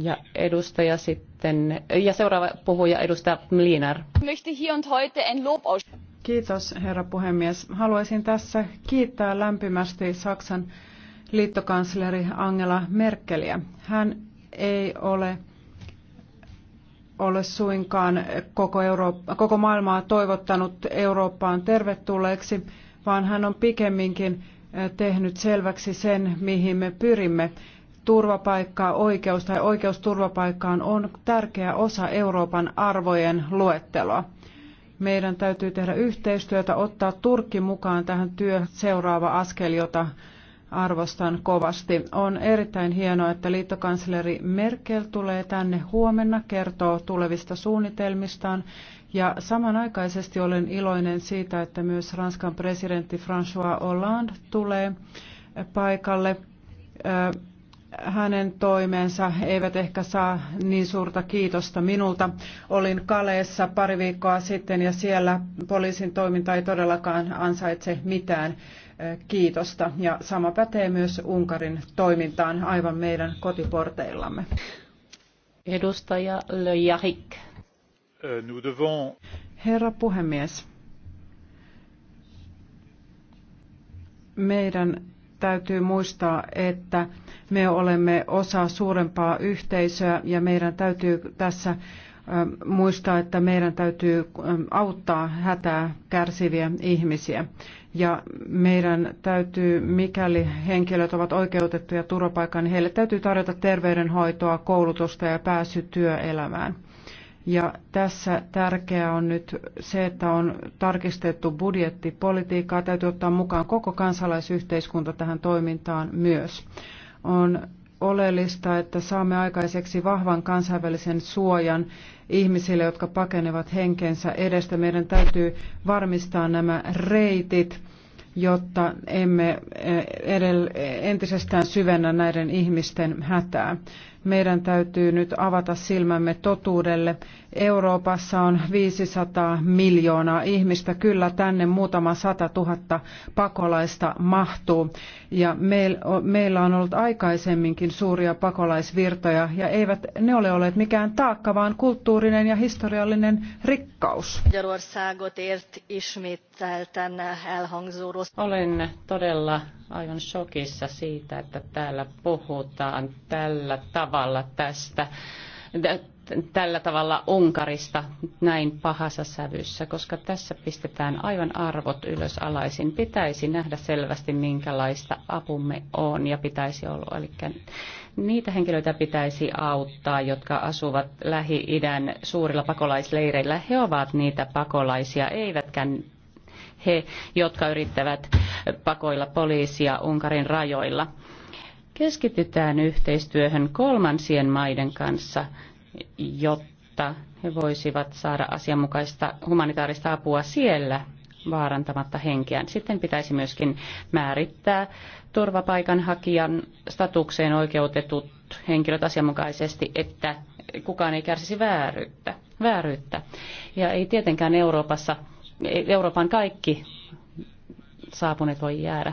Ja edustaja sitten, ja seuraava puhuja edustaja Liinar. Kiitos herra puhemies. Haluaisin tässä kiittää lämpimästi Saksan liittokansleri Angela Merkeliä. Hän ei ole ole suinkaan koko, Eurooppa, koko maailmaa toivottanut Eurooppaan tervetulleeksi, vaan hän on pikemminkin eh, tehnyt selväksi sen, mihin me pyrimme turvapaikkaa, oikeus tai oikeus turvapaikkaan on tärkeä osa Euroopan arvojen luetteloa. Meidän täytyy tehdä yhteistyötä, ottaa Turkki mukaan tähän työ seuraava askel, jota arvostan kovasti. On erittäin hienoa, että liittokansleri Merkel tulee tänne huomenna, kertoo tulevista suunnitelmistaan. Ja samanaikaisesti olen iloinen siitä, että myös Ranskan presidentti François Hollande tulee paikalle hänen toimensa eivät ehkä saa niin suurta kiitosta minulta. Olin Kaleessa pari viikkoa sitten ja siellä poliisin toiminta ei todellakaan ansaitse mitään kiitosta. Ja sama pätee myös Unkarin toimintaan aivan meidän kotiporteillamme. Edustaja Le Jarik. Herra puhemies, meidän täytyy muistaa, että me olemme osa suurempaa yhteisöä ja meidän täytyy tässä muistaa, että meidän täytyy auttaa hätää kärsiviä ihmisiä. Ja meidän täytyy, mikäli henkilöt ovat oikeutettuja turvapaikkaan, niin heille täytyy tarjota terveydenhoitoa, koulutusta ja pääsy työelämään. Ja tässä tärkeää on nyt se, että on tarkistettu budjettipolitiikkaa. Täytyy ottaa mukaan koko kansalaisyhteiskunta tähän toimintaan myös. On oleellista, että saamme aikaiseksi vahvan kansainvälisen suojan ihmisille, jotka pakenevat henkensä edestä. Meidän täytyy varmistaa nämä reitit, jotta emme entisestään syvennä näiden ihmisten hätää. Meidän täytyy nyt avata silmämme totuudelle Euroopassa on 500 miljoonaa ihmistä. Kyllä tänne muutama sata tuhatta pakolaista mahtuu. Ja meillä on ollut aikaisemminkin suuria pakolaisvirtoja ja eivät ne ole olleet mikään taakka, vaan kulttuurinen ja historiallinen rikkaus. Olen todella aivan shokissa siitä, että täällä puhutaan tällä tavalla tästä tällä tavalla Unkarista näin pahassa sävyssä, koska tässä pistetään aivan arvot ylös alaisin. Pitäisi nähdä selvästi, minkälaista apumme on ja pitäisi olla. Eli niitä henkilöitä pitäisi auttaa, jotka asuvat Lähi-idän suurilla pakolaisleireillä. He ovat niitä pakolaisia, eivätkä he, jotka yrittävät pakoilla poliisia Unkarin rajoilla keskitytään yhteistyöhön kolmansien maiden kanssa jotta he voisivat saada asianmukaista humanitaarista apua siellä vaarantamatta henkeään. Sitten pitäisi myöskin määrittää turvapaikanhakijan statukseen oikeutetut henkilöt asianmukaisesti, että kukaan ei kärsisi vääryyttä. vääryyttä. Ja ei tietenkään Euroopassa, Euroopan kaikki saapuneet voi jäädä.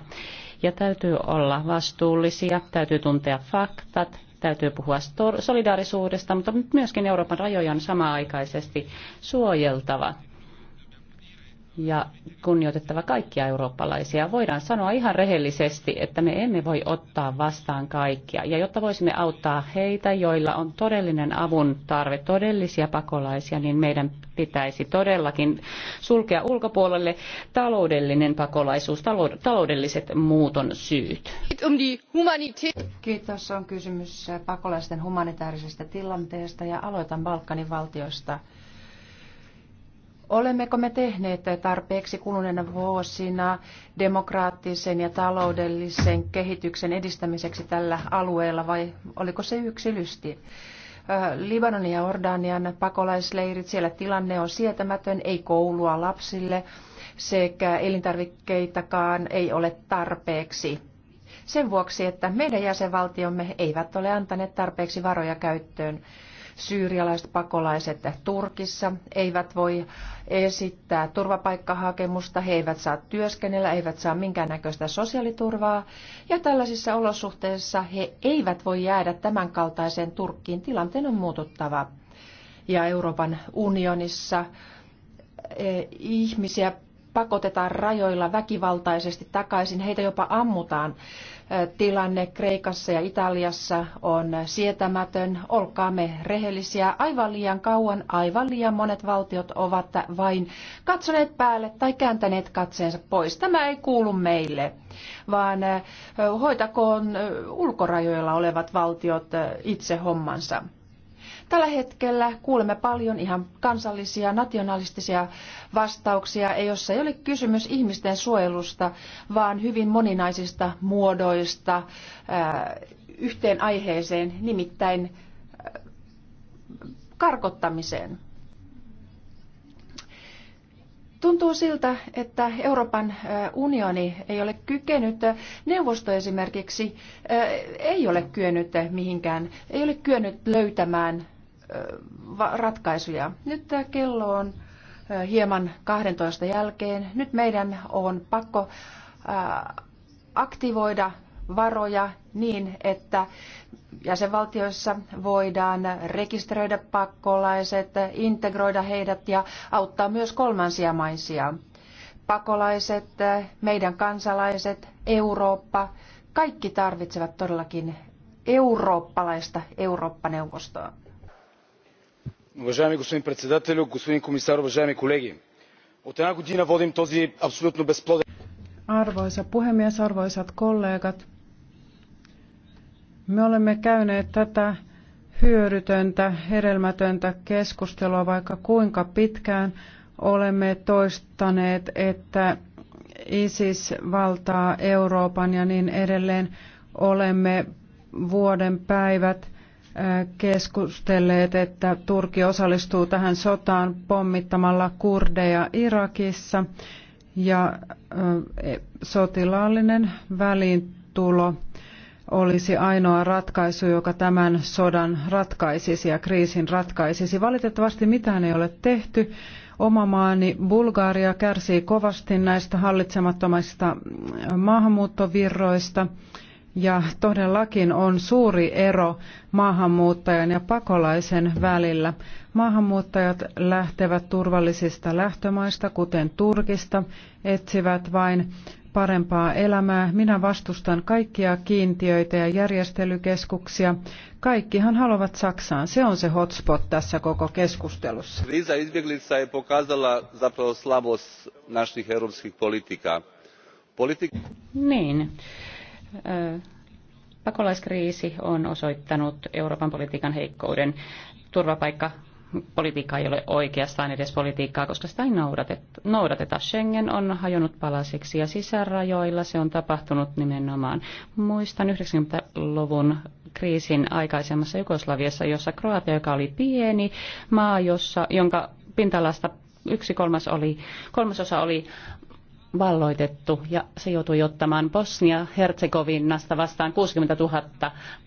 Ja täytyy olla vastuullisia, täytyy tuntea faktat Täytyy puhua solidaarisuudesta, mutta myöskin Euroopan on samaaikaisesti suojeltava ja kunnioitettava kaikkia eurooppalaisia. Voidaan sanoa ihan rehellisesti, että me emme voi ottaa vastaan kaikkia. Ja jotta voisimme auttaa heitä, joilla on todellinen avun tarve, todellisia pakolaisia, niin meidän pitäisi todellakin sulkea ulkopuolelle taloudellinen pakolaisuus, taloudelliset muuton syyt. Kiitos. On kysymys pakolaisten humanitaarisesta tilanteesta ja aloitan Balkanin valtioista. Olemmeko me tehneet tarpeeksi kuluneena vuosina demokraattisen ja taloudellisen kehityksen edistämiseksi tällä alueella vai oliko se yksi lysti? Libanonin ja Ordanian pakolaisleirit, siellä tilanne on sietämätön, ei koulua lapsille sekä elintarvikkeitakaan ei ole tarpeeksi. Sen vuoksi, että meidän jäsenvaltiomme eivät ole antaneet tarpeeksi varoja käyttöön syyrialaiset pakolaiset Turkissa eivät voi esittää turvapaikkahakemusta, he eivät saa työskennellä, eivät saa minkäännäköistä sosiaaliturvaa ja tällaisissa olosuhteissa he eivät voi jäädä tämänkaltaiseen Turkkiin. Tilanteen on muututtava ja Euroopan unionissa eh, ihmisiä pakotetaan rajoilla väkivaltaisesti takaisin, heitä jopa ammutaan. Tilanne Kreikassa ja Italiassa on sietämätön, olkaamme rehellisiä. Aivan liian kauan, aivan liian monet valtiot ovat vain katsoneet päälle tai kääntäneet katseensa pois. Tämä ei kuulu meille, vaan hoitakoon ulkorajoilla olevat valtiot itse hommansa. Tällä hetkellä kuulemme paljon ihan kansallisia, nationalistisia vastauksia, jossa ei ole kysymys ihmisten suojelusta, vaan hyvin moninaisista muodoista äh, yhteen aiheeseen, nimittäin äh, karkottamiseen. Tuntuu siltä, että Euroopan äh, unioni ei ole kykenyt, neuvosto esimerkiksi ei ole kyennyt mihinkään, ei ole kyennyt löytämään Äh, ratkaisuja. Nyt äh, kello on äh, hieman 12 jälkeen. Nyt meidän on pakko aktivoida varoja niin, että jäsenvaltioissa voidaan rekisteröidä pakolaiset, integroida heidät ja auttaa myös kolmansia maisia. Pakolaiset, meidän kansalaiset, Eurooppa, kaikki tarvitsevat todellakin eurooppalaista Eurooppa-neuvostoa уважаеми господин председателю господин комисар уважаеми колеги! от една година водим този абсолютно безплоден. arvoisa puhemies arvoisat kollegat me olemme käyneet tätä hyödytöntä hedelmätöntä keskustelua vaikka kuinka pitkään olemme toistaneet että ISIS valtaa Euroopan ja niin edelleen olemme vuoden päivät keskustelleet, että Turkki osallistuu tähän sotaan pommittamalla kurdeja Irakissa ja e, sotilaallinen väliintulo olisi ainoa ratkaisu, joka tämän sodan ratkaisisi ja kriisin ratkaisisi. Valitettavasti mitään ei ole tehty. Oma maani Bulgaria kärsii kovasti näistä hallitsemattomista maahanmuuttovirroista. Ja todellakin on suuri ero maahanmuuttajan ja pakolaisen välillä. Maahanmuuttajat lähtevät turvallisista lähtömaista, kuten Turkista, etsivät vain parempaa elämää. Minä vastustan kaikkia kiintiöitä ja järjestelykeskuksia. Kaikkihan haluavat Saksaan. Se on se hotspot tässä koko keskustelussa. Kriza izbjeglica je pokazala zapravo naših europskih politika. Politik... Niin. Pakolaiskriisi on osoittanut Euroopan politiikan heikkouden. Turvapaikkapolitiikka ei ole oikeastaan edes politiikkaa, koska sitä ei noudateta. Schengen on hajonnut palasiksi ja sisärajoilla se on tapahtunut nimenomaan. Muistan 90-luvun kriisin aikaisemmassa Jugoslaviassa, jossa Kroatia, joka oli pieni maa, jossa, jonka pintalasta yksi kolmas oli, kolmasosa oli valloitettu ja se joutui ottamaan Bosnia-Herzegovinasta vastaan 60 000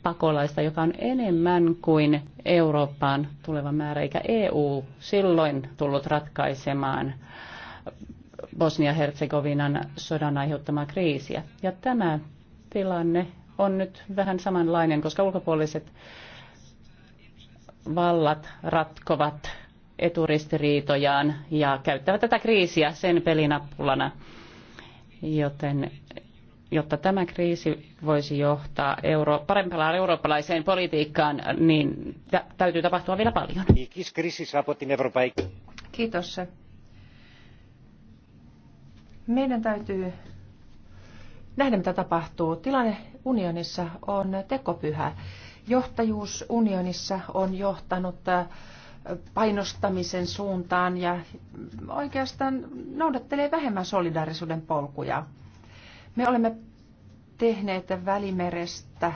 pakolaista, joka on enemmän kuin Eurooppaan tuleva määrä, eikä EU silloin tullut ratkaisemaan Bosnia-Herzegovinan sodan aiheuttamaa kriisiä. Ja tämä tilanne on nyt vähän samanlainen, koska ulkopuoliset vallat ratkovat eturistiriitojaan ja käyttävät tätä kriisiä sen pelinappulana joten jotta tämä kriisi voisi johtaa euro- parempaan eurooppalaiseen politiikkaan, niin täytyy tapahtua vielä paljon. Kiitos. Meidän täytyy nähdä, mitä tapahtuu. Tilanne unionissa on tekopyhä. Johtajuus unionissa on johtanut painostamisen suuntaan ja oikeastaan noudattelee vähemmän solidaarisuuden polkuja. Me olemme tehneet Välimerestä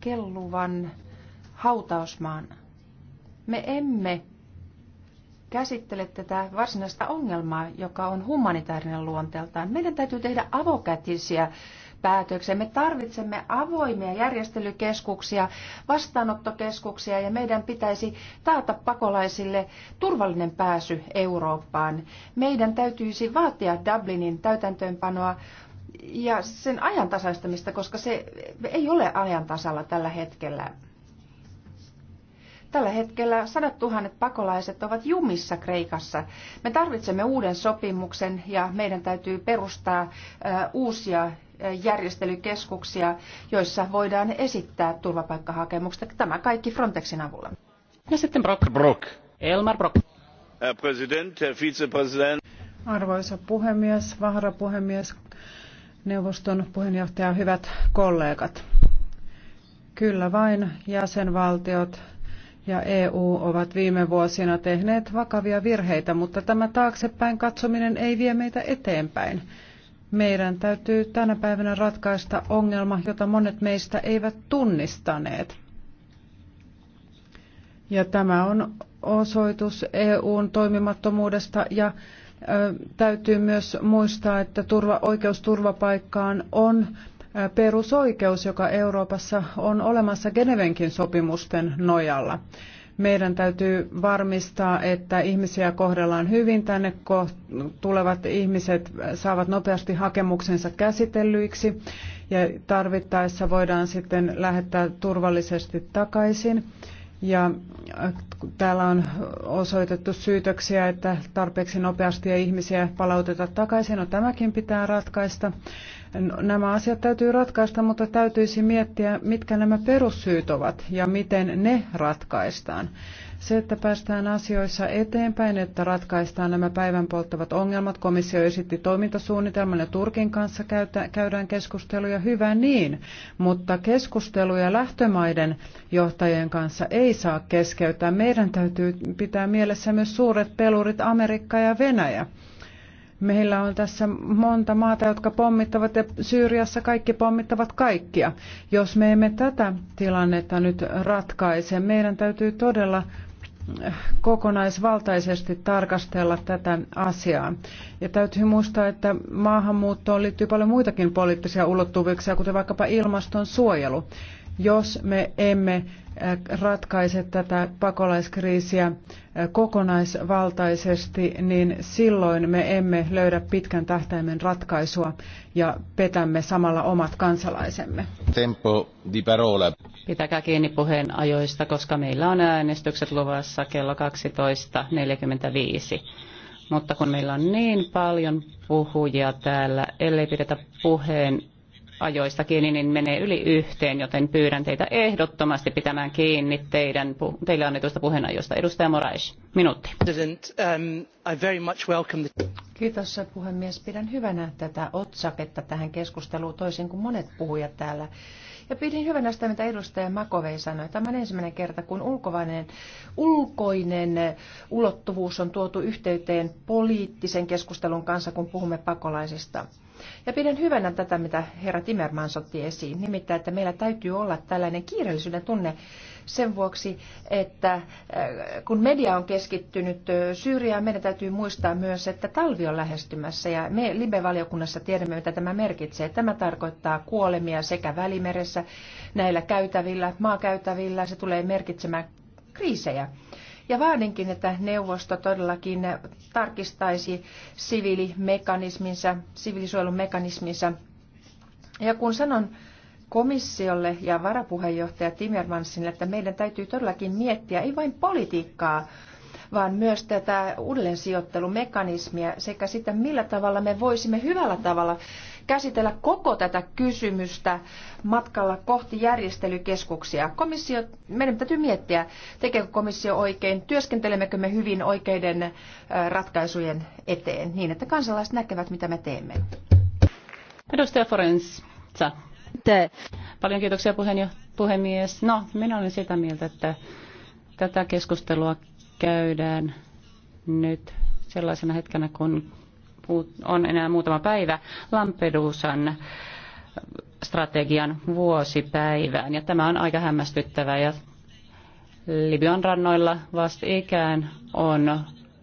kelluvan hautausmaan. Me emme käsittele tätä varsinaista ongelmaa, joka on humanitaarinen luonteeltaan. Meidän täytyy tehdä avokätisiä päätöksiä. Me tarvitsemme avoimia järjestelykeskuksia, vastaanottokeskuksia ja meidän pitäisi taata pakolaisille turvallinen pääsy Eurooppaan. Meidän täytyisi vaatia Dublinin täytäntöönpanoa ja sen ajantasaistamista, koska se ei ole ajantasalla tällä hetkellä. Tällä hetkellä sadat tuhannet pakolaiset ovat jumissa Kreikassa. Me tarvitsemme uuden sopimuksen ja meidän täytyy perustaa uusia järjestelykeskuksia, joissa voidaan esittää turvapaikkahakemukset. Tämä kaikki Frontexin avulla. Ja sitten Brock. Brock. Elmar Brock. Herr President, Herr Vizepräsident. Arvoisa puhemies, puhemies, neuvoston puheenjohtaja, hyvät kollegat. Kyllä vain jäsenvaltiot ja EU ovat viime vuosina tehneet vakavia virheitä, mutta tämä taaksepäin katsominen ei vie meitä eteenpäin. Meidän täytyy tänä päivänä ratkaista ongelma, jota monet meistä eivät tunnistaneet. Ja tämä on osoitus EUn toimimattomuudesta ja ö, täytyy myös muistaa, että turva, oikeus turvapaikkaan on perusoikeus, joka Euroopassa on olemassa Genevenkin sopimusten nojalla. Meidän täytyy varmistaa, että ihmisiä kohdellaan hyvin. Tänne tulevat ihmiset saavat nopeasti hakemuksensa käsitellyiksi ja tarvittaessa voidaan sitten lähettää turvallisesti takaisin. Ja äh, täällä on osoitettu syytöksiä, että tarpeeksi nopeasti ei ihmisiä palauteta takaisin. No tämäkin pitää ratkaista. No, nämä asiat täytyy ratkaista, mutta täytyisi miettiä, mitkä nämä perussyyt ovat ja miten ne ratkaistaan. Se, että päästään asioissa eteenpäin, että ratkaistaan nämä päivän polttavat ongelmat. Komissio esitti toimintasuunnitelman ja Turkin kanssa käydään keskusteluja. Hyvä niin, mutta keskusteluja lähtömaiden johtajien kanssa ei saa keskeyttää. Meidän täytyy pitää mielessä myös suuret pelurit Amerikka ja Venäjä. Meillä on tässä monta maata, jotka pommittavat ja Syyriassa kaikki pommittavat kaikkia. Jos me emme tätä tilannetta nyt ratkaise, meidän täytyy todella eh, kokonaisvaltaisesti tarkastella tätä asiaa. Ja täytyy muistaa, että maahanmuuttoon liittyy paljon muitakin poliittisia ulottuvuuksia, kuten vaikkapa ilmastonsuojelu. Jos me emme eh, ratkaise tätä pakolaiskriisiä kokonaisvaltaisesti, niin silloin me emme löydä pitkän tähtäimen ratkaisua ja petämme samalla omat kansalaisemme. Tempo di parola. Pitäkää kiinni puheen ajoista, koska meillä on äänestykset luvassa kello 12.45. Mutta kun meillä on niin paljon puhujia täällä, ellei pidetä puheen ajoista kiinni, niin menee yli yhteen, joten pyydän teitä ehdottomasti pitämään kiinni teidän, teille annetuista puheenajoista. Edustaja Moraes, minuutti. Um, Kiitos puhemies. Pidän hyvänä tätä otsaketta tähän keskusteluun toisin kuin monet puhujat täällä. Ja pidin hyvänä sitä, mitä edustaja Makovei sanoi. Tämä on ensimmäinen kerta, kun ulkovainen, ulkoinen ulottuvuus on tuotu yhteyteen poliittisen keskustelun kanssa, kun puhumme pakolaisista. Ja pidän hyvänä tätä, mitä herra Timmermans otti esiin, nimittäin, että meillä täytyy olla tällainen kiireellisyyden tunne sen vuoksi, että äh, kun media on keskittynyt äh, Syyriaan, meidän täytyy muistaa myös, että talvi on lähestymässä ja me Libe-valiokunnassa tiedämme, mitä tämä merkitsee. Tämä tarkoittaa kuolemia sekä välimeressä näillä käytävillä, maakäytävillä, se tulee merkitsemään kriisejä. Ja vaadinkin, että neuvosto todellakin tarkistaisi siviilimekanisminsa, siviilisuojelumekanisminsa. Ja kun sanon komissiolle ja varapuheenjohtaja Timmermansille, että meidän täytyy todellakin miettiä ei vain politiikkaa, vaan myös tätä uudelleensijoittelumekanismia sekä sitä, millä tavalla me voisimme hyvällä tavalla käsitellä koko tätä kysymystä matkalla kohti järjestelykeskuksia. Komissio, meidän täytyy miettiä, tekeekö komissio oikein, työskentelemmekö me hyvin oikeiden ratkaisujen eteen, niin että kansalaiset näkevät, mitä me teemme. Edustaja Forensa. Te. Paljon kiitoksia puhemies. No, minä olen sitä mieltä, että tätä keskustelua käydään nyt sellaisena hetkenä, kun on enää muutama päivä Lampedusan strategian vuosipäivään. Ja tämä on aika hämmästyttävää. Ja Libyan rannoilla vastikään on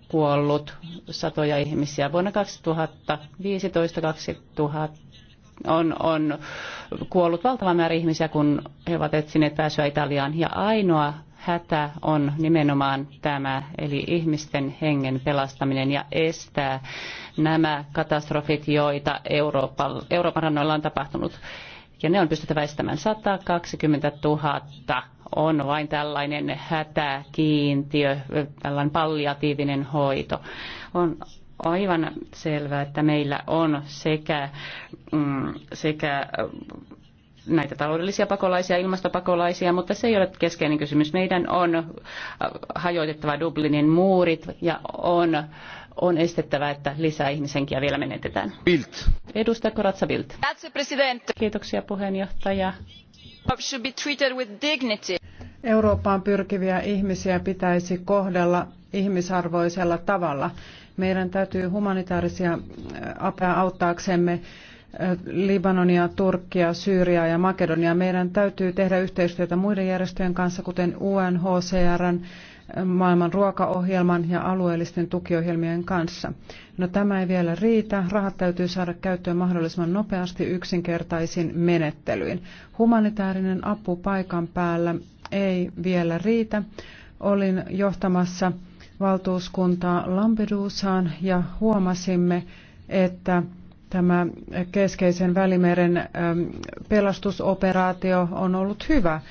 kuollut satoja ihmisiä. Vuonna 2015 2000 on, on kuollut valtava määrä ihmisiä, kun he ovat etsineet pääsyä Italiaan. Ja ainoa hätä on nimenomaan tämä, eli ihmisten hengen pelastaminen ja estää nämä katastrofit, joita Euroopan, Euroopan rannoilla on tapahtunut. Ja ne on pystyttävä estämään. 120 000 on vain tällainen hätäkiintiö, tällainen palliatiivinen hoito. On aivan selvää, että meillä on sekä, mm, sekä näitä taloudellisia pakolaisia, ilmastopakolaisia, mutta se ei ole keskeinen kysymys. Meidän on äh, hajoitettava Dublinin muurit ja on, on estettävä, että lisää ihmisenkiä vielä menetetään. Bild. Edustaja Koratsa Bild. Kiitoksia puheenjohtaja. Should be treated with dignity. Eurooppaan pyrkiviä ihmisiä pitäisi kohdella ihmisarvoisella tavalla. Meidän täytyy humanitaarisia äh, apua auttaaksemme Libanonia, Turkkia, Syyriaa ja Makedoniaa. Meidän täytyy tehdä yhteistyötä muiden järjestöjen kanssa, kuten UNHCRn, maailman ruokaohjelman ja alueellisten tukiohjelmien kanssa. No tämä ei vielä riitä. Rahat täytyy saada käyttöön mahdollisimman nopeasti yksinkertaisin menettelyin. Humanitaarinen apu paikan päällä ei vielä riitä. Olin johtamassa valtuuskuntaa Lampedusaan ja huomasimme, että Tämä keskeisen välimeren pelastusoperaatio on ollut hyvä.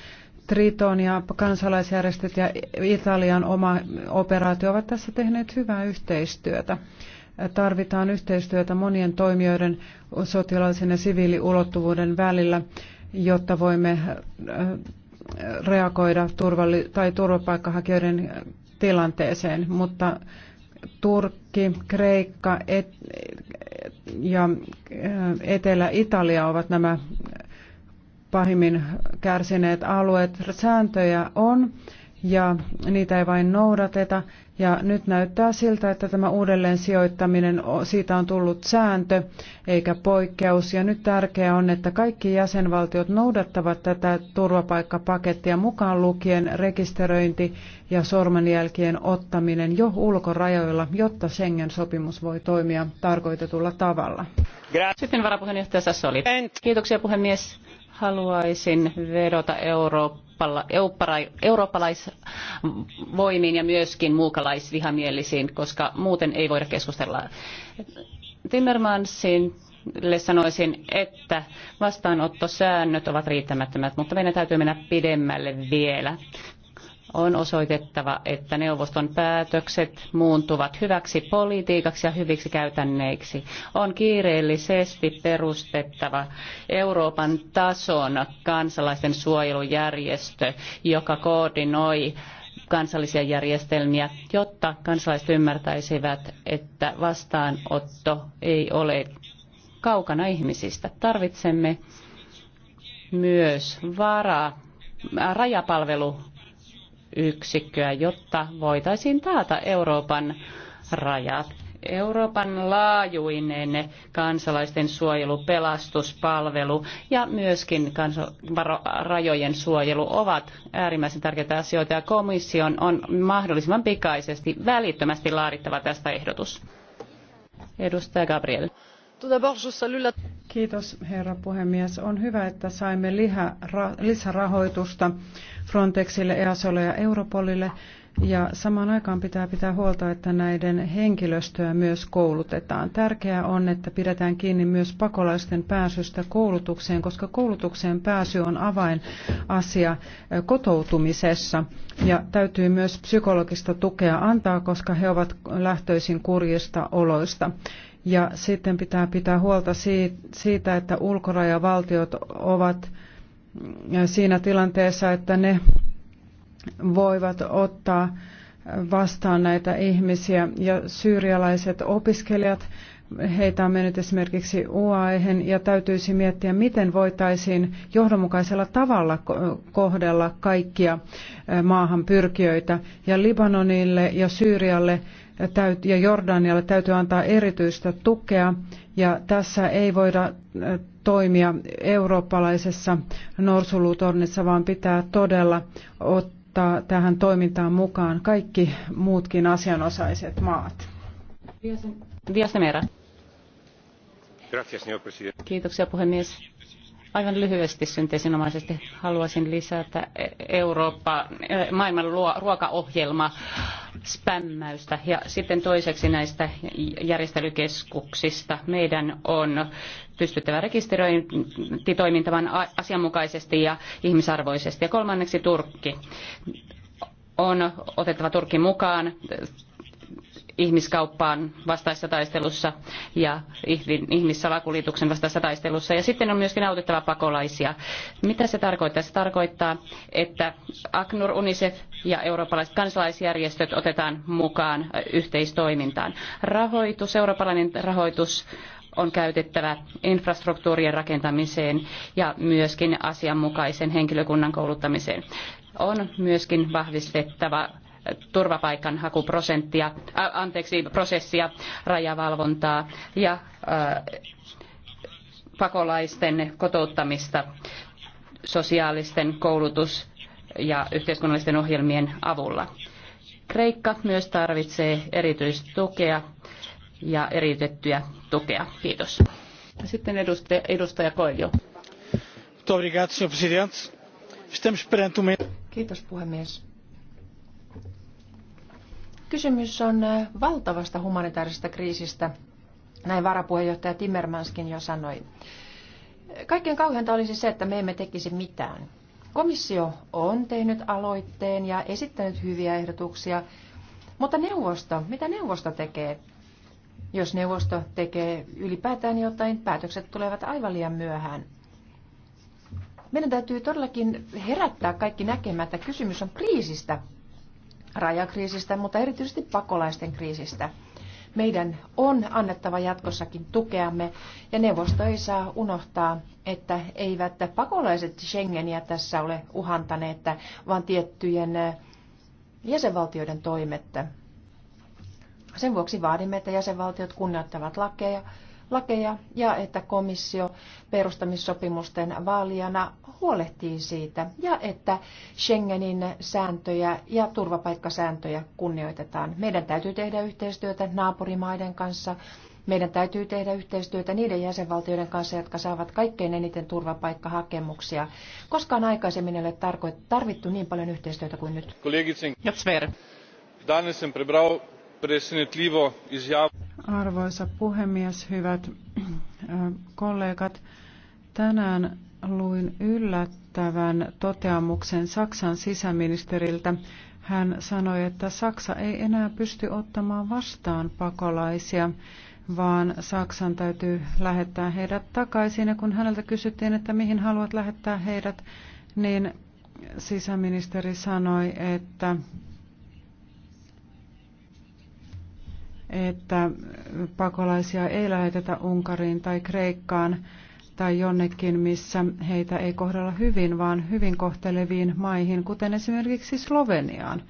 Triton ja kansalaisjärjestöt ja Italian oma operaatio ovat tässä tehneet hyvää yhteistyötä. Tarvitaan yhteistyötä monien toimijoiden sotilaallisen ja siviiliulottuvuuden välillä, jotta voimme reagoida turvalli- tai turvapaikkahakijoiden tilanteeseen, mutta Turkki, Kreikka, et, ja äh, Etelä-Italia ovat nämä pahimmin kärsineet alueet. Sääntöjä on ja niitä ei vain noudateta. Ja nyt näyttää siltä, että tämä uudelleen sijoittaminen, siitä on tullut sääntö eikä poikkeus. Ja nyt tärkeää on, että kaikki jäsenvaltiot noudattavat tätä turvapaikkapakettia mukaan lukien rekisteröinti ja sormenjälkien ottaminen jo ulkorajoilla, jotta Schengen-sopimus voi toimia tarkoitetulla tavalla. Sitten varapuheenjohtaja Sassoli. Kiitoksia puhemies. Haluaisin vedota Eurooppaan eurooppalaisvoimiin ja myöskin muukalaisvihamielisiin, koska muuten ei voida keskustella. Timmermansin sanoisin, että vastaanottosäännöt ovat riittämättömät, mutta meidän täytyy mennä pidemmälle vielä on osoitettava, että neuvoston päätökset muuntuvat hyväksi politiikaksi ja hyviksi käytänneiksi. On kiireellisesti perustettava Euroopan tason kansalaisten suojelujärjestö, joka koordinoi kansallisia järjestelmiä, jotta kansalaiset ymmärtäisivät, että vastaanotto ei ole kaukana ihmisistä. Tarvitsemme myös varaa äh, rajapalvelu yksikköä, jotta voitaisiin taata Euroopan rajat. Euroopan laajuinen kansalaisten suojelu, pelastuspalvelu ja myöskin rajojen suojelu ovat äärimmäisen tärkeitä asioita ja komission on mahdollisimman pikaisesti välittömästi laadittava tästä ehdotus. Edustaja Gabriel Kiitos herra puhemies. On hyvä, että saimme lisärahoitusta Frontexille, EASOlle ja Europolille. Ja samaan aikaan pitää pitää huolta, että näiden henkilöstöä myös koulutetaan. Tärkeää on, että pidetään kiinni myös pakolaisten pääsystä koulutukseen, koska koulutukseen pääsy on avainasia kotoutumisessa. Ja täytyy myös psykologista tukea antaa, koska he ovat lähtöisin kurjista oloista. Ja sitten pitää pitää huolta siitä, että ulkorajavaltiot ovat mm, siinä tilanteessa, että ne voivat ottaa vastaan näitä ihmisiä. Ja syyrialaiset opiskelijat, heitä on mennyt esimerkiksi UAEhen ja täytyisi miettiä, miten voitaisiin johdonmukaisella tavalla kohdella kaikkia maahan Ja Libanonille ja Syyrialle ja Jordanialle täytyy antaa erityistä tukea ja tässä ei voida äh, toimia eurooppalaisessa norsulutornissa, vaan pitää todella ottaa tähän toimintaan mukaan kaikki muutkin asianosaiset maat. Kiitoksia puhemies Aivan lyhyesti synteesinomaisesti haluaisin lisätä Eurooppa, eh, maailman ruokaohjelma spämmäystä. Ja sitten toiseksi näistä järjestelykeskuksista. Meidän on pystyttävä toimintavan asianmukaisesti ja ihmisarvoisesti. Ja kolmanneksi Turkki on otettava Turkki mukaan ihmiskauppaan vastaisessa taistelussa ja ihmissalakuljetuksen vastaisessa taistelussa. Ja sitten on myöskin autettava pakolaisia. Mitä se tarkoittaa? Se tarkoittaa, että ACNUR, UNICEF ja eurooppalaiset kansalaisjärjestöt otetaan mukaan yhteistoimintaan. Rahoitus, eurooppalainen rahoitus on käytettävä infrastruktuurien rakentamiseen ja myöskin asianmukaisen henkilökunnan kouluttamiseen. On myöskin vahvistettava turvapaikanhakuprosenttia, äh, anteeksi, prosessia, rajavalvontaa ja äh, pakolaisten kotouttamista sosiaalisten koulutus- ja yhteiskunnallisten ohjelmien avulla. Kreikka myös tarvitsee erityistukea ja eriytettyä tukea. Kiitos. Sitten edustaja, edustaja Koilio. Kiitos puhemies Kysymys on äh, valtavasta humanitaarisesta kriisistä, näin varapuheenjohtaja Timmermanskin jo sanoi. Kaikkein kauheinta olisi se, että me emme tekisi mitään. Komissio on tehnyt aloitteen ja esittänyt hyviä ehdotuksia, mutta neuvosto, mitä neuvosto tekee? Jos neuvosto tekee ylipäätään jotain, päätökset tulevat aivan liian myöhään. Meidän täytyy todellakin herättää kaikki näkemään, että kysymys on kriisistä, rajakriisistä, mutta erityisesti pakolaisten kriisistä. Meidän on annettava jatkossakin tukeamme ja neuvosto ei saa unohtaa, että eivät pakolaiset Schengeniä tässä ole uhantaneet, vaan tiettyjen äh, jäsenvaltioiden toimet. Sen vuoksi vaadimme, että jäsenvaltiot kunnioittavat lakeja lakeja ja että komissio perustamissopimusten vaalijana huolehtii siitä ja että Schengenin sääntöjä ja turvapaikkasääntöjä kunnioitetaan. Meidän täytyy tehdä yhteistyötä naapurimaiden kanssa. Meidän täytyy tehdä yhteistyötä niiden jäsenvaltioiden kanssa, jotka saavat kaikkein eniten turvapaikkahakemuksia. Koskaan aikaisemmin ei ole tarvittu niin paljon yhteistyötä kuin nyt. Kollegitsin, danes sem prebral presenetljivo izjavo. Arvoisa puhemies, hyvät äh, kollegat. Tänään luin yllättävän toteamuksen Saksan sisäministeriltä. Hän sanoi, että Saksa ei enää pysty ottamaan vastaan pakolaisia, vaan Saksan täytyy lähettää heidät takaisin. Ja kun häneltä kysyttiin, että mihin haluat lähettää heidät, niin sisäministeri sanoi, että että pakolaisia ei lähetetä Unkariin tai Kreikkaan tai jonnekin, missä heitä ei kohdella hyvin, vaan hyvin kohteleviin maihin, kuten esimerkiksi Sloveniaan.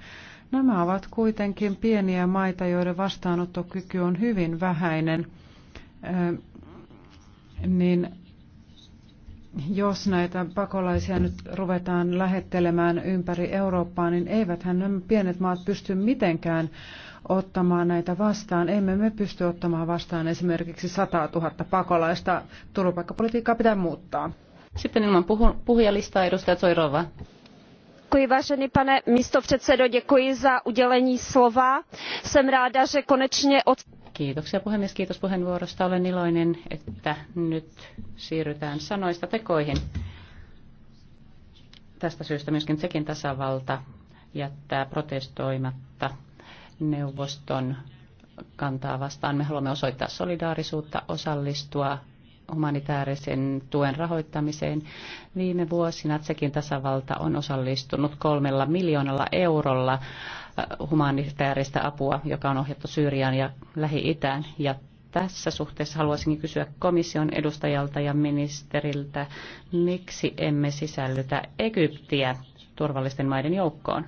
Nämä ovat kuitenkin pieniä maita, joiden vastaanottokyky on hyvin vähäinen. Niin jos näitä pakolaisia nyt ruvetaan lähettelemään ympäri Eurooppaa, niin eiväthän nämä pienet maat pysty mitenkään ottamaan näitä vastaan. Emme me pysty ottamaan vastaan esimerkiksi 100 000 pakolaista. Turvapaikkapolitiikkaa pitää muuttaa. Sitten ilman puhu- puhujalistaa edustaja Zoirova. Děkuji, vážený pane místopředsedo, děkuji za udělení slova. Jsem ráda, že konečně od... Kiitoksia puhemies, kiitos puheenvuorosta. Olen iloinen, että nyt siirrytään sanoista tekoihin. Tästä syystä myöskin Tsekin tasavalta jättää protestoimatta neuvoston kantaa vastaan. Me haluamme osoittaa solidaarisuutta, osallistua humanitaarisen tuen rahoittamiseen. Viime vuosina Tsekin tasavalta on osallistunut kolmella miljoonalla eurolla äh, humanitaarista apua, joka on ohjattu Syyriaan ja Lähi-Itään. Ja tässä suhteessa haluaisinkin kysyä komission edustajalta ja ministeriltä, miksi emme sisällytä Egyptiä turvallisten maiden joukkoon.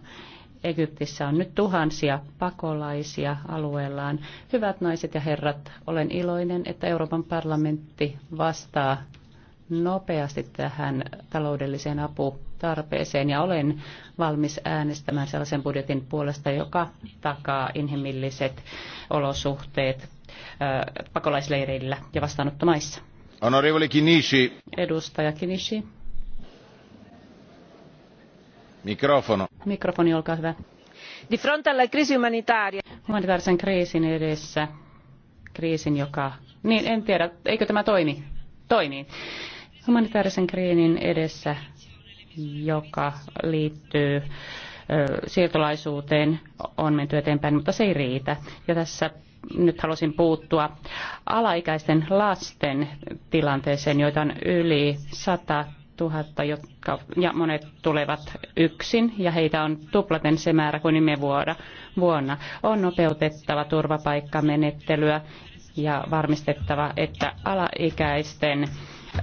Egyptissä on nyt tuhansia pakolaisia alueellaan. Hyvät naiset ja herrat, olen iloinen, että Euroopan parlamentti vastaa nopeasti tähän taloudelliseen aputarpeeseen ja olen valmis äänestämään sellaisen budjetin puolesta, joka takaa inhimilliset olosuhteet pakolaisleireillä ja vastaanottomaissa. Honorevole Kinishi. Edustaja Kinishi. Mikrofono. Mikrofoni, olkaa hyvä. Di fronte alla crisi humanitaria. Humanitaarisen kriisin edessä, kriisin joka... Niin, en tiedä, eikö tämä toimi? Toimii. Humanitaarisen kriisin edessä, joka liittyy siirtolaisuuteen on menty eteenpäin, mutta se ei riitä. Ja tässä nyt halusin puuttua alaikäisten lasten tilanteeseen, joita on yli 100 000, jotka, ja monet tulevat yksin, ja heitä on tuplaten se määrä kuin viime vuonna. On nopeutettava turvapaikkamenettelyä ja varmistettava, että alaikäisten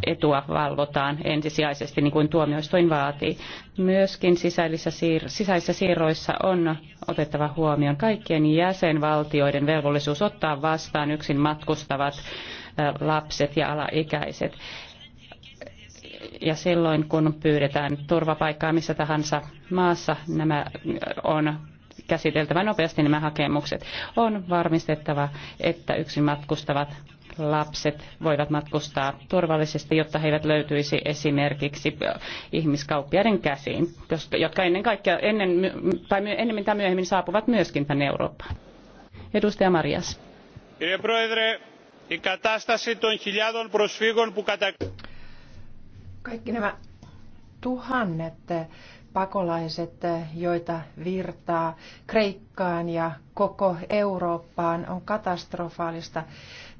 etua valvotaan ensisijaisesti, niin kuin tuomioistuin vaatii. Myöskin sisäisissä, siir- sisäisissä siirroissa on otettava huomioon kaikkien jäsenvaltioiden velvollisuus ottaa vastaan yksin matkustavat lapset ja alaikäiset ja silloin kun pyydetään turvapaikkaa missä tahansa maassa, nämä on käsiteltävä nopeasti nämä hakemukset. On varmistettava, että yksin matkustavat lapset voivat matkustaa turvallisesti, jotta he eivät löytyisi esimerkiksi ihmiskauppiaiden käsiin, jotka ennen kaikkea ennen, tai ennemmin tai myöhemmin saapuvat myöskin tänne Eurooppaan. Edustaja Marias. Κύριε Πρόεδρε, η κατάσταση των χιλιάδων προσφύγων που kaikki nämä tuhannet pakolaiset, joita virtaa Kreikkaan ja koko Eurooppaan, on katastrofaalista.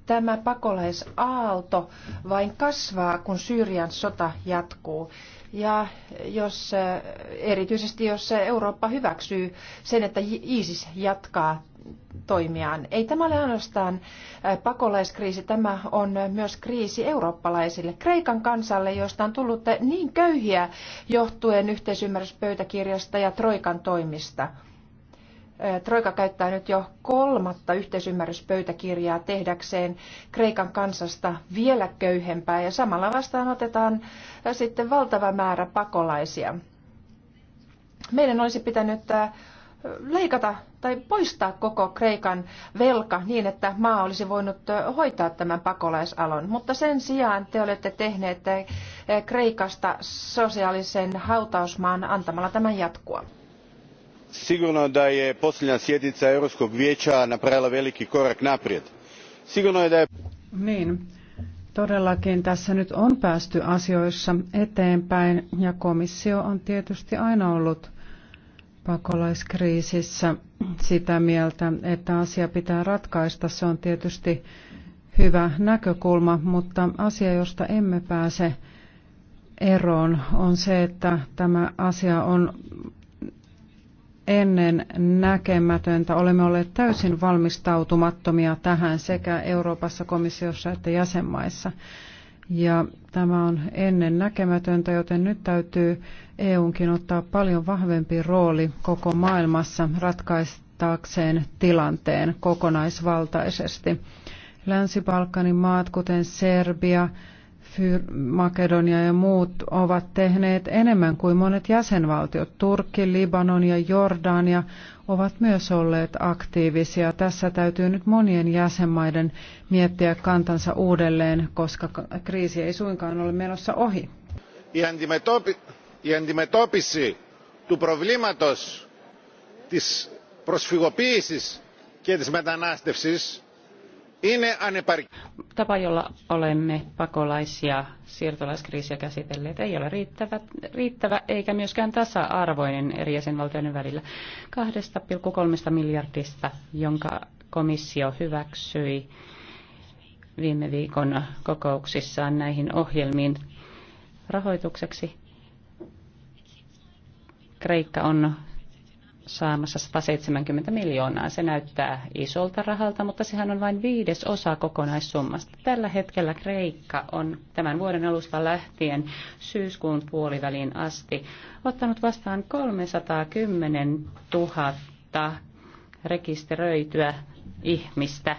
Tämä pakolaisaalto vain kasvaa, kun Syyrian sota jatkuu. Ja jos, erityisesti jos Eurooppa hyväksyy sen, että ISIS jatkaa toimiaan. Ei tämä ole ainoastaan pakolaiskriisi, tämä on myös kriisi eurooppalaisille, Kreikan kansalle, joista on tullut niin köyhiä johtuen yhteisymmärryspöytäkirjasta ja Troikan toimista. Troika käyttää nyt jo kolmatta yhteisymmärryspöytäkirjaa tehdäkseen Kreikan kansasta vielä köyhempää ja samalla vastaanotetaan sitten valtava määrä pakolaisia. Meidän olisi pitänyt leikata tai poistaa koko Kreikan velka niin, että maa olisi voinut hoitaa tämän pakolaisalon. Mutta sen sijaan te olette tehneet Kreikasta sosiaalisen hautausmaan antamalla tämän jatkua. Sigurno da je posljednja sjednica Europskog vijeća napravila veliki korak naprijed. Sigurno je da je... Niin, Todellakin tässä nyt on päästy asioissa eteenpäin ja komissio on tietysti aina ollut pakolaiskriisissä sitä mieltä, että asia pitää ratkaista. Se on tietysti hyvä näkökulma, mutta asia, josta emme pääse eroon, on se, että tämä asia on ennen näkemätöntä. Olemme olleet täysin valmistautumattomia tähän sekä Euroopassa komissiossa että jäsenmaissa ja tämä on ennen näkemätöntä, joten nyt täytyy EUnkin ottaa paljon vahvempi rooli koko maailmassa ratkaistaakseen tilanteen kokonaisvaltaisesti. Länsi-Balkanin maat, kuten Serbia, Fyr, Makedonia ja muut ovat tehneet enemmän kuin monet jäsenvaltiot. Turkki, Libanon ja Jordania ovat myös olleet aktiivisia. Tässä täytyy nyt monien jäsenmaiden miettiä kantansa uudelleen, koska kriisi ei suinkaan ole menossa ohi. Η αντιμετώπιση του προβλήματος της προσφυγοποίησης και της μετανάστευσης Tapa, jolla olemme pakolaisia siirtolaiskriisiä käsitelleet, ei ole riittävä, riittävä eikä myöskään tasa-arvoinen eri jäsenvaltioiden välillä. 2,3 miljardista, jonka komissio hyväksyi viime viikon kokouksissaan näihin ohjelmiin rahoitukseksi. Kreikka on saamassa 170 miljoonaa. Se näyttää isolta rahalta, mutta sehän on vain viides osa kokonaissummasta. Tällä hetkellä Kreikka on tämän vuoden alusta lähtien syyskuun puoliväliin asti ottanut vastaan 310 000 rekisteröityä ihmistä,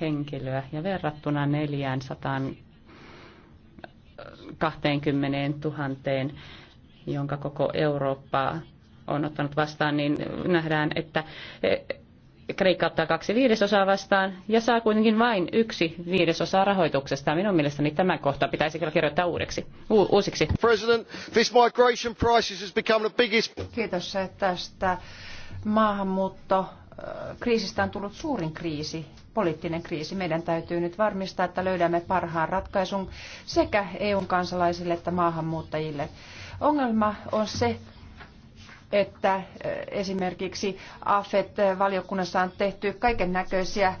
henkilöä ja verrattuna 420 000, jonka koko Eurooppaa on ottanut vastaan, niin nähdään, että e, Kreikka ottaa kaksi viidesosaa vastaan ja saa kuitenkin vain yksi viidesosaa rahoituksesta. Minun mielestäni tämä kohta pitäisi kyllä kirjoittaa uudeksi, u- uusiksi. President, this migration crisis has become the biggest... Kiitos tästä maahanmuutto kriisistä on tullut suurin kriisi, poliittinen kriisi. Meidän täytyy nyt varmistaa, että löydämme parhaan ratkaisun sekä EUn kansalaisille että maahanmuuttajille. Ongelma on se, että äh, esimerkiksi AFET-valiokunnassa on tehty kaiken näköisiä äh,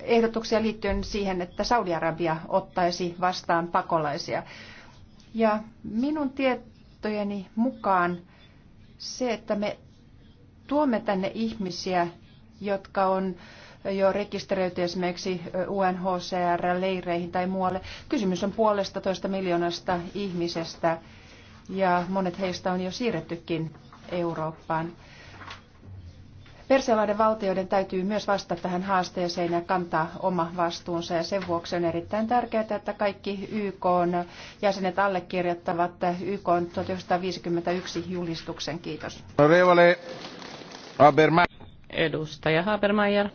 ehdotuksia liittyen siihen, että Saudi-Arabia ottaisi vastaan pakolaisia. Ja minun tietojeni mukaan se, että me tuomme tänne ihmisiä, jotka on jo rekisteröity esimerkiksi UNHCR-leireihin tai muualle. Kysymys on puolesta toista miljoonasta ihmisestä, ja monet heistä on jo siirrettykin Eurooppaan. Persialaiden valtioiden täytyy myös vastata tähän haasteeseen ja kantaa oma vastuunsa ja sen vuoksi on erittäin tärkeää, että kaikki YK jäsenet allekirjoittavat YK 1951 julistuksen. Kiitos. Edustaja Habermeyer.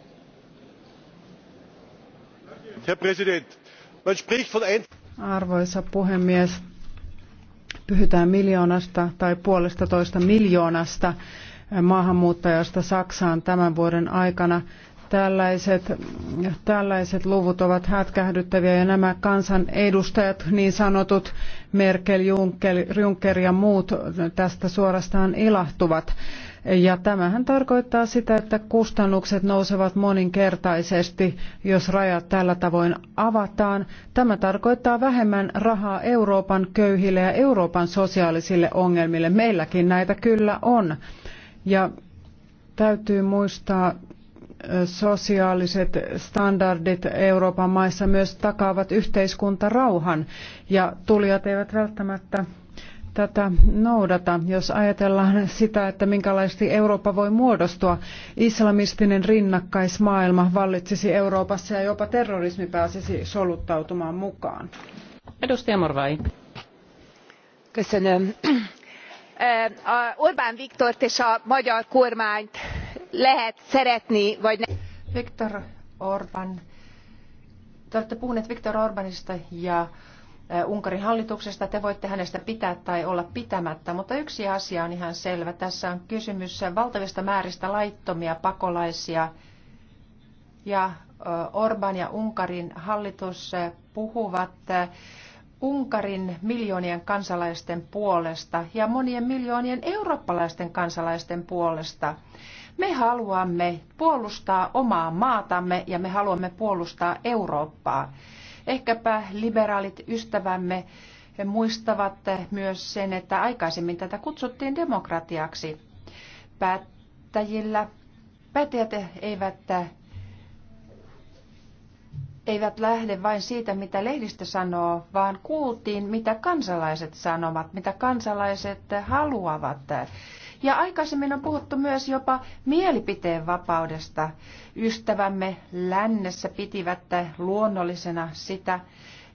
Herr Präsident, man spricht von Arvoisa puhemies, Pyhytään miljoonasta tai puolesta toista miljoonasta maahanmuuttajasta Saksaan tämän vuoden aikana. Tällaiset, tällaiset luvut ovat hätkähdyttäviä ja nämä kansan edustajat, niin sanotut Merkel, Juncker, Juncker ja muut tästä suorastaan ilahtuvat. Ja tämähän tarkoittaa sitä, että kustannukset nousevat moninkertaisesti, jos rajat tällä tavoin avataan. Tämä tarkoittaa vähemmän rahaa Euroopan köyhille ja Euroopan sosiaalisille ongelmille. Meilläkin näitä kyllä on. Ja täytyy muistaa sosiaaliset standardit Euroopan maissa myös takaavat yhteiskuntarauhan ja tulijat eivät välttämättä tätä noudata. Jos ajatellaan sitä, että minkälaisesti Eurooppa voi muodostua, islamistinen rinnakkaismaailma vallitsisi Euroopassa ja jopa terrorismi pääsisi soluttautumaan mukaan. Edustaja Morvai. Köszönöm. Orbán Viktort és a magyar kormányt lehet szeretni vagy nem. Viktor Orban. Te olette puhuneet Viktor Orbanista ja e, Unkarin hallituksesta. Te voitte hänestä pitää tai olla pitämättä, mutta yksi asia on ihan selvä. Tässä on kysymys valtavista määristä laittomia pakolaisia. Ja e, Orban ja Unkarin hallitus e, puhuvat Unkarin miljoonien kansalaisten puolesta ja monien miljoonien eurooppalaisten kansalaisten puolesta. Me haluamme puolustaa omaa maatamme ja me haluamme puolustaa Eurooppaa. Ehkäpä liberaalit ystävämme muistavat myös sen, että aikaisemmin tätä kutsuttiin demokratiaksi. Päättäjillä päättäjät eivät eivät lähde vain siitä, mitä lehdistä sanoo, vaan kuultiin, mitä kansalaiset sanovat, mitä kansalaiset haluavat. Ja aikaisemmin on puhuttu myös jopa mielipiteen vapaudesta. Ystävämme lännessä pitivät luonnollisena sitä,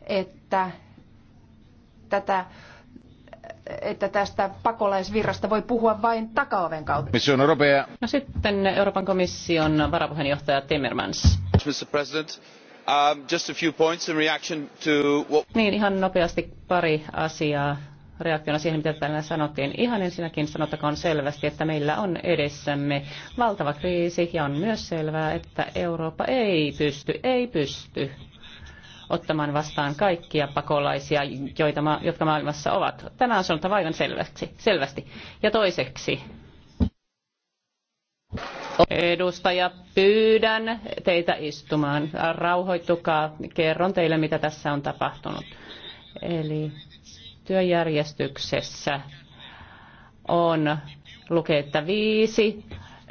että, tätä, että tästä pakolaisvirrasta voi puhua vain takaoven kautta. No sitten Euroopan komission varapuheenjohtaja Timmermans. Mr. President. Um, just a few points in reaction to what... Niin, ihan nopeasti pari asiaa reaktiona siihen, mitä täällä sanottiin. Ihan ensinnäkin sanottakoon selvästi, että meillä on edessämme valtava kriisi ja on myös selvää, että Eurooppa ei pysty, ei pysty ottamaan vastaan kaikkia pakolaisia, joita ma- jotka maailmassa ovat. Tämä on sanottava aivan selvästi. selvästi. Ja toiseksi. Edustaja, pyydän teitä istumaan. Rauhoittukaa. Kerron teille, mitä tässä on tapahtunut. Eli työjärjestyksessä on lukee, että viisi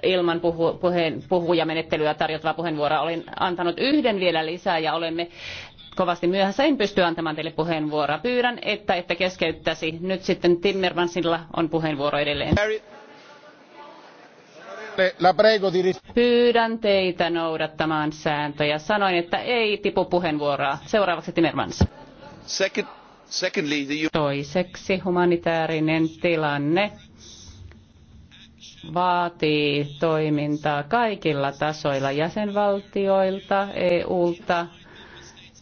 ilman puhu, puheen, puhujamenettelyä tarjottavaa puheenvuoroa. Olen antanut yhden vielä lisää ja olemme kovasti myöhässä. En pysty antamaan teille puheenvuoroa. Pyydän, että, että keskeyttäisi. Nyt sitten Timmermansilla on puheenvuoro edelleen. Pyydän teitä noudattamaan sääntöjä. Sanoin, että ei tipu puheenvuoroa. Seuraavaksi Timmermans. Second, secondly, the... Toiseksi humanitaarinen tilanne vaatii toimintaa kaikilla tasoilla jäsenvaltioilta, EUlta,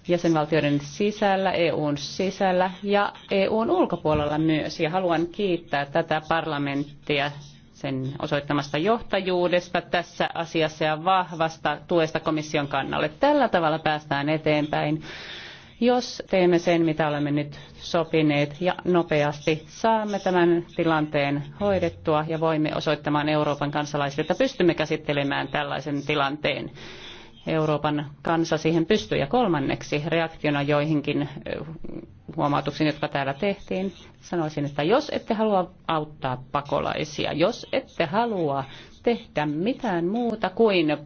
jäsenvaltioiden sisällä, EUn sisällä ja EUn ulkopuolella myös. Ja haluan kiittää tätä parlamenttia sen osoittamasta johtajuudesta tässä asiassa ja vahvasta tuesta komission kannalle. Tällä tavalla päästään eteenpäin. Jos teemme sen, mitä olemme nyt sopineet ja nopeasti saamme tämän tilanteen hoidettua ja voimme osoittamaan Euroopan kansalaisille, että pystymme käsittelemään tällaisen tilanteen Euroopan kansa siihen pystyy. Ja kolmanneksi reaktiona joihinkin huomautuksiin, jotka täällä tehtiin, sanoisin, että jos ette halua auttaa pakolaisia, jos ette halua tehdä mitään muuta kuin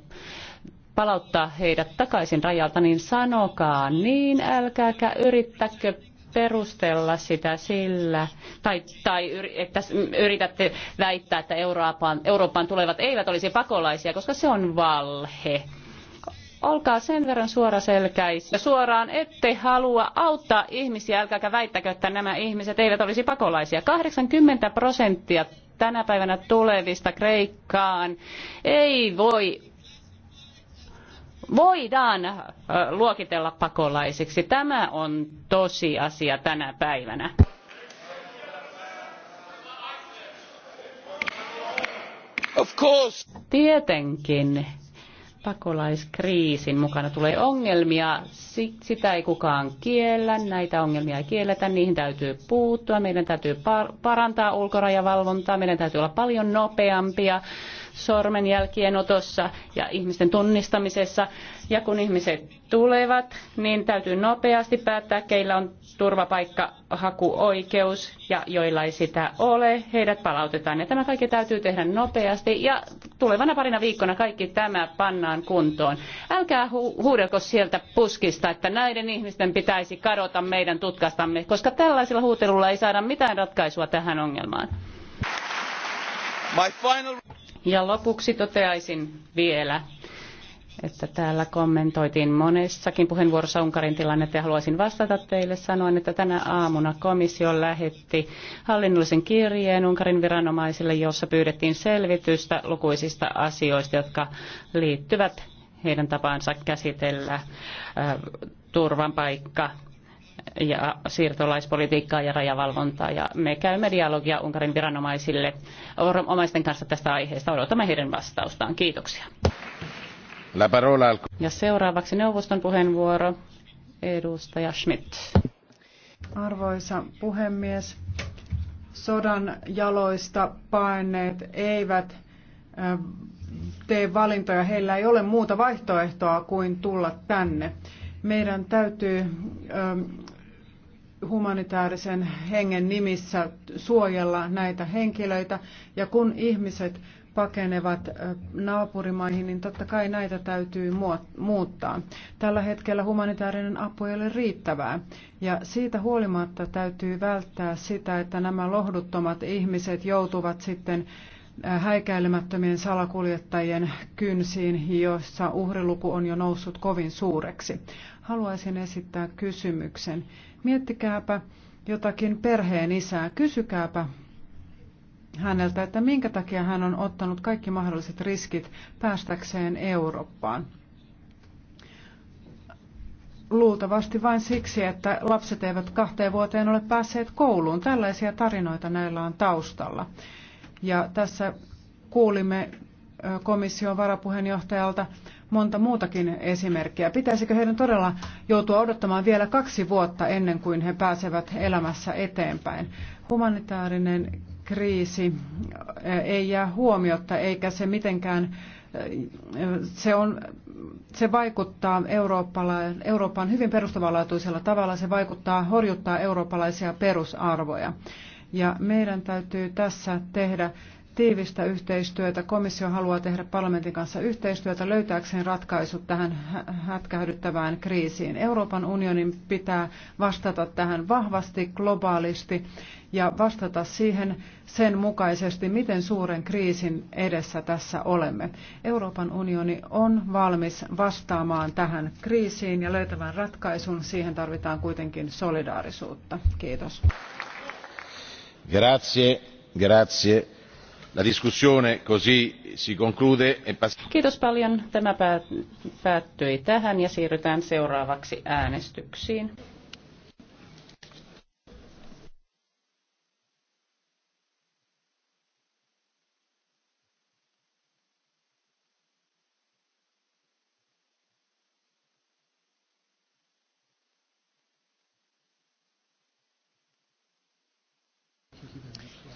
palauttaa heidät takaisin rajalta, niin sanokaa niin, älkääkä yrittäkö perustella sitä sillä, tai, tai että yritätte väittää, että Euroopan, Euroopan tulevat eivät olisi pakolaisia, koska se on valhe olkaa sen verran suoraselkäisiä. Suoraan ette halua auttaa ihmisiä, älkääkä väittäkö, että nämä ihmiset eivät olisi pakolaisia. 80 prosenttia tänä päivänä tulevista Kreikkaan ei voi voidaan äh, luokitella pakolaisiksi. Tämä on tosiasia tänä päivänä. Of course. Tietenkin pakolaiskriisin mukana tulee ongelmia. Sitä ei kukaan kiellä, näitä ongelmia ei kielletä, niihin täytyy puuttua, meidän täytyy parantaa ulkorajavalvontaa, meidän täytyy olla paljon nopeampia sormenjälkien otossa ja ihmisten tunnistamisessa. Ja kun ihmiset tulevat, niin täytyy nopeasti päättää, keillä on turvapaikkahakuoikeus ja joilla ei sitä ole, heidät palautetaan. Ja tämä kaikki täytyy tehdä nopeasti ja tulevana parina viikkona kaikki tämä pannaan kuntoon. Älkää hu- huudelko sieltä puskista, että näiden ihmisten pitäisi kadota meidän tutkastamme, koska tällaisilla huutelulla ei saada mitään ratkaisua tähän ongelmaan. Final... Ja lopuksi toteaisin vielä, että täällä kommentoitiin monessakin puheenvuorossa Unkarin tilannetta ja haluaisin vastata teille sanoen, että tänä aamuna komissio lähetti hallinnollisen kirjeen Unkarin viranomaisille, jossa pyydettiin selvitystä lukuisista asioista, jotka liittyvät heidän tapaansa käsitellä turvanpaikka ja siirtolaispolitiikkaa ja rajavalvontaa. Ja me käymme dialogia Unkarin viranomaisille omaisten kanssa tästä aiheesta. Odotamme heidän vastaustaan. Kiitoksia. La parola al... Ja seuraavaksi neuvoston puheenvuoro. Edustaja Schmidt. Arvoisa puhemies, sodan jaloista paineet eivät tee valintoja. Heillä ei ole muuta vaihtoehtoa kuin tulla tänne. Meidän täytyy humanitaarisen hengen nimissä suojella näitä henkilöitä. Ja kun ihmiset pakenevat naapurimaihin, niin totta kai näitä täytyy muuttaa. Tällä hetkellä humanitaarinen apu ei ole riittävää. Ja siitä huolimatta täytyy välttää sitä, että nämä lohduttomat ihmiset joutuvat sitten häikäilemättömien salakuljettajien kynsiin, joissa uhriluku on jo noussut kovin suureksi. Haluaisin esittää kysymyksen. Miettikääpä jotakin perheen isää. Kysykääpä häneltä, että minkä takia hän on ottanut kaikki mahdolliset riskit päästäkseen Eurooppaan. Luultavasti vain siksi, että lapset eivät kahteen vuoteen ole päässeet kouluun. Tällaisia tarinoita näillä on taustalla. Ja tässä kuulimme komission varapuheenjohtajalta monta muutakin esimerkkiä. Pitäisikö heidän todella joutua odottamaan vielä kaksi vuotta ennen kuin he pääsevät elämässä eteenpäin? Humanitaarinen kriisi ei jää huomiotta eikä se mitenkään se, on, se vaikuttaa Euroopan hyvin perustavanlaatuisella tavalla, se vaikuttaa, horjuttaa eurooppalaisia perusarvoja. Ja meidän täytyy tässä tehdä tiivistä yhteistyötä. Komissio haluaa tehdä parlamentin kanssa yhteistyötä löytääkseen ratkaisut tähän hätkähdyttävään kriisiin. Euroopan unionin pitää vastata tähän vahvasti, globaalisti ja vastata siihen sen mukaisesti, miten suuren kriisin edessä tässä olemme. Euroopan unioni on valmis vastaamaan tähän kriisiin ja löytämään ratkaisun. Siihen tarvitaan kuitenkin solidaarisuutta. Kiitos. La discussione così si conclude. E Kiitos paljon. Tämä päättyi tähän ja siirrytään seuraavaksi äänestyksiin.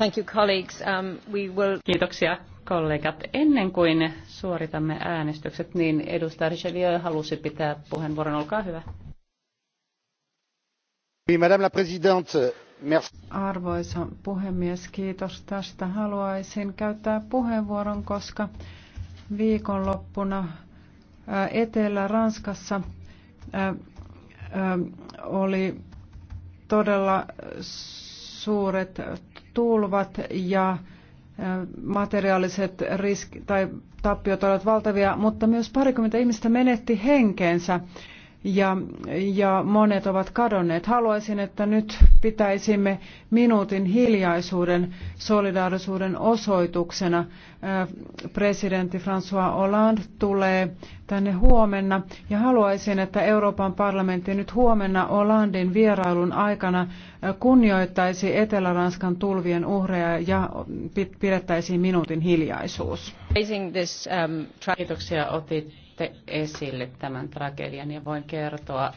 Thank you, colleagues. Um, we will... Kiitoksia kollegat. Ennen kuin suoritamme äänestykset, niin edustaja Richelieu halusi pitää puheenvuoron. Olkaa hyvä. Oui, madame la présidente, Arvoisa puhemies, kiitos tästä. Haluaisin käyttää puheenvuoron, koska viikonloppuna äh, Etelä-Ranskassa äh, äh, oli todella suuret tulvat ja äh, materiaaliset riskit tai tappiot olivat valtavia, mutta myös parikymmentä ihmistä menetti henkeensä ja, ja monet ovat kadonneet. Haluaisin, että nyt pitäisimme minuutin hiljaisuuden solidaarisuuden osoituksena. Presidentti François Hollande tulee tänne huomenna ja haluaisin, että Euroopan parlamentti nyt huomenna Hollandin vierailun aikana kunnioittaisi Etelä-Ranskan tulvien uhreja ja pidettäisiin minuutin hiljaisuus. Um, Kiitoksia otit nostitte esille tämän tragedian ja voin kertoa,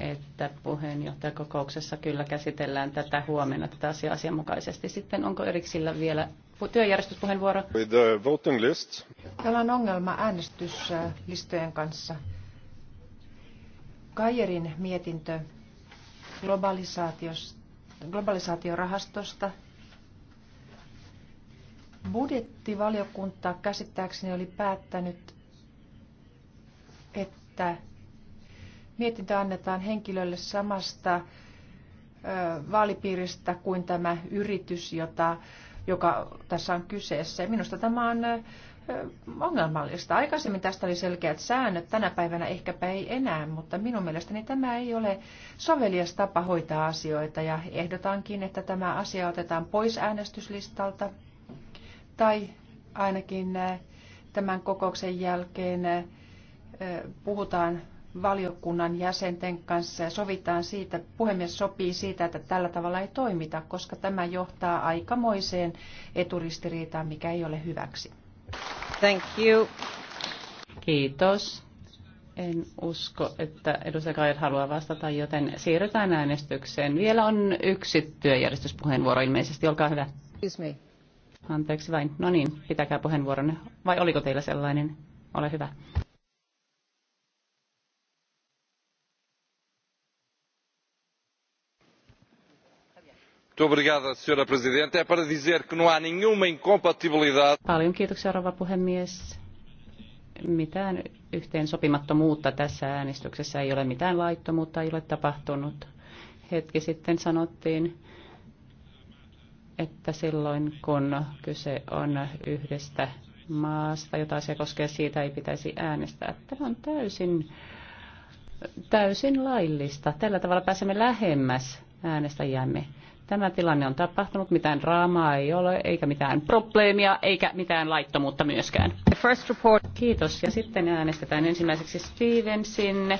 että puheenjohtajakokouksessa kyllä käsitellään tätä huomenna tätä asiaa asianmukaisesti. Sitten onko Eriksillä vielä työjärjestyspuheenvuoro? Täällä on ongelma äänestyslistojen kanssa. Kajerin mietintö globalisaatiorahastosta. Budjettivaliokunta käsittääkseni oli päättänyt että mietintö annetaan henkilölle samasta vaalipiiristä kuin tämä yritys, jota, joka tässä on kyseessä. Minusta tämä on ongelmallista. Aikaisemmin tästä oli selkeät säännöt, tänä päivänä ehkäpä ei enää, mutta minun mielestäni tämä ei ole sovelias tapa hoitaa asioita ja ehdotankin, että tämä asia otetaan pois äänestyslistalta tai ainakin tämän kokouksen jälkeen puhutaan valiokunnan jäsenten kanssa ja sovitaan siitä, puhemies sopii siitä, että tällä tavalla ei toimita, koska tämä johtaa aikamoiseen eturistiriitaan, mikä ei ole hyväksi. Thank you. Kiitos. En usko, että edustaja Kajat haluaa vastata, joten siirrytään äänestykseen. Vielä on yksi työjärjestyspuheenvuoro ilmeisesti. Olkaa hyvä. Excuse Anteeksi vain. No niin, pitäkää puheenvuoronne. Vai oliko teillä sellainen? Ole hyvä. Senhora É para dizer que não há nenhuma incompatibilidade. Paljon kiitoksia, rouva puhemies. Mitään yhteensopimattomuutta tässä äänestyksessä ei ole, mitään laittomuutta ei ole tapahtunut. Hetki sitten sanottiin, että silloin kun kyse on yhdestä maasta, jota se koskee, siitä ei pitäisi äänestää. Tämä on täysin, täysin laillista. Tällä tavalla pääsemme lähemmäs äänestäjämme. Tämä tilanne on tapahtunut, mitään draamaa ei ole, eikä mitään probleemia, eikä mitään laittomuutta myöskään. Kiitos. Ja sitten äänestetään ensimmäiseksi Stevensin